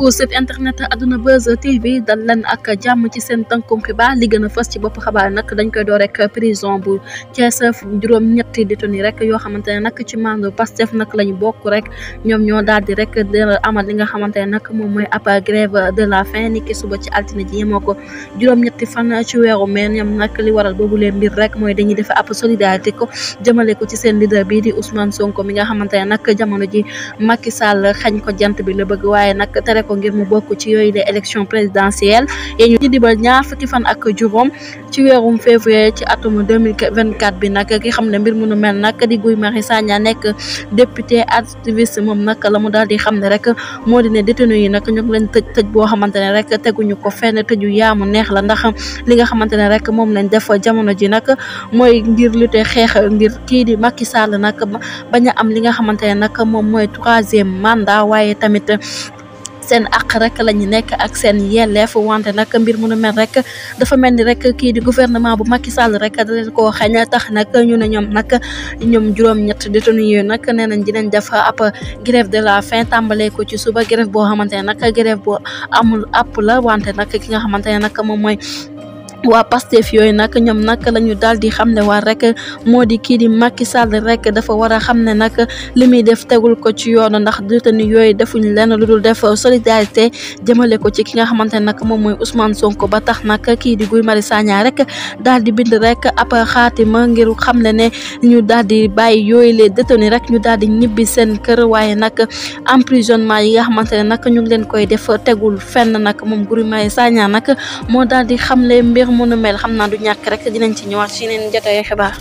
mbokku site internet Adouna Buzz TV dal leen ak jàmm ci seen tënkum xibaar li gën a fës ci bopp xabaar nag dañ koy door rek prison bu Thiès juróom ñetti détenu rek yoo xamante ne nag ci ñoo daal di rek amal li nga xamante ne nag moom mooy ab grève de la faim ni ki suba ci altine ji yemoo ko juróom ñetti fan ci weeru mai ñoom nag li waral boobu leen mbir rek mooy dañuy def ab solidarité ko jëmale ko ci seen leader bii di Ousmane Sonko mi nga xamante ne nag jamono ji Macky Sall xañ ko jant bi la bëgg ko ngir mu bokk ci les élections présidentielles et dibal ñaar fukki fan ak ci février ci 2024 bi nag ki xam mbir mu mel nag di Guy député activiste moom nag la mu ne rek moo détenu yi nag ñu leen tëj tëj boo rek teguñu ko fenn tëju yaamu neex la ndax li nga rek lañ def jamono ji ngir ngir di Macky Sall a am li nga seen àq rek la ñu nekk ak seen yelleef wante nag mbir mu nu mel rek dafa mel ni rek kii di gouvernement bu Macky Sall rek da leen koo xañ tax nag ñu ne ñoom nag ñoom juróom-ñett détenu yooyu nag nee nañ dinañ def ab grève de la fin tàmbalee ko ci suba grève boo xamante ne nag grève boo amul àpp la wante nag ki nga xamante ne nag moom mooy. waa Pastef yooyu nag ñoom nag la ñu daal di xam ne waa rek moo di kii di Macky Sall rek dafa war a xam ne nag li muy def tegul ko ci yoonu ndax détenu yooyu defuñu leen lu dul def solidarité jëmale ko ci ki nga xamante ne nag moom mooy Ousmane Sonko ba tax nag kii di Guy Marius Sagna rek daal di bind rek ab xaatima ngir xam ne ne ñu daal di bàyyi yooyu les détenus rek ñu daal di ñibbi seen kër waaye nag emprisonnement yi nga xamante ne nag ñu leen koy def tegul fenn nag moom Guy Marius Sagna moo daal xamle mbir ak mënu mel xam naa du ñàkk rek dina ci ñëwaat si yeneen jotaay xibaar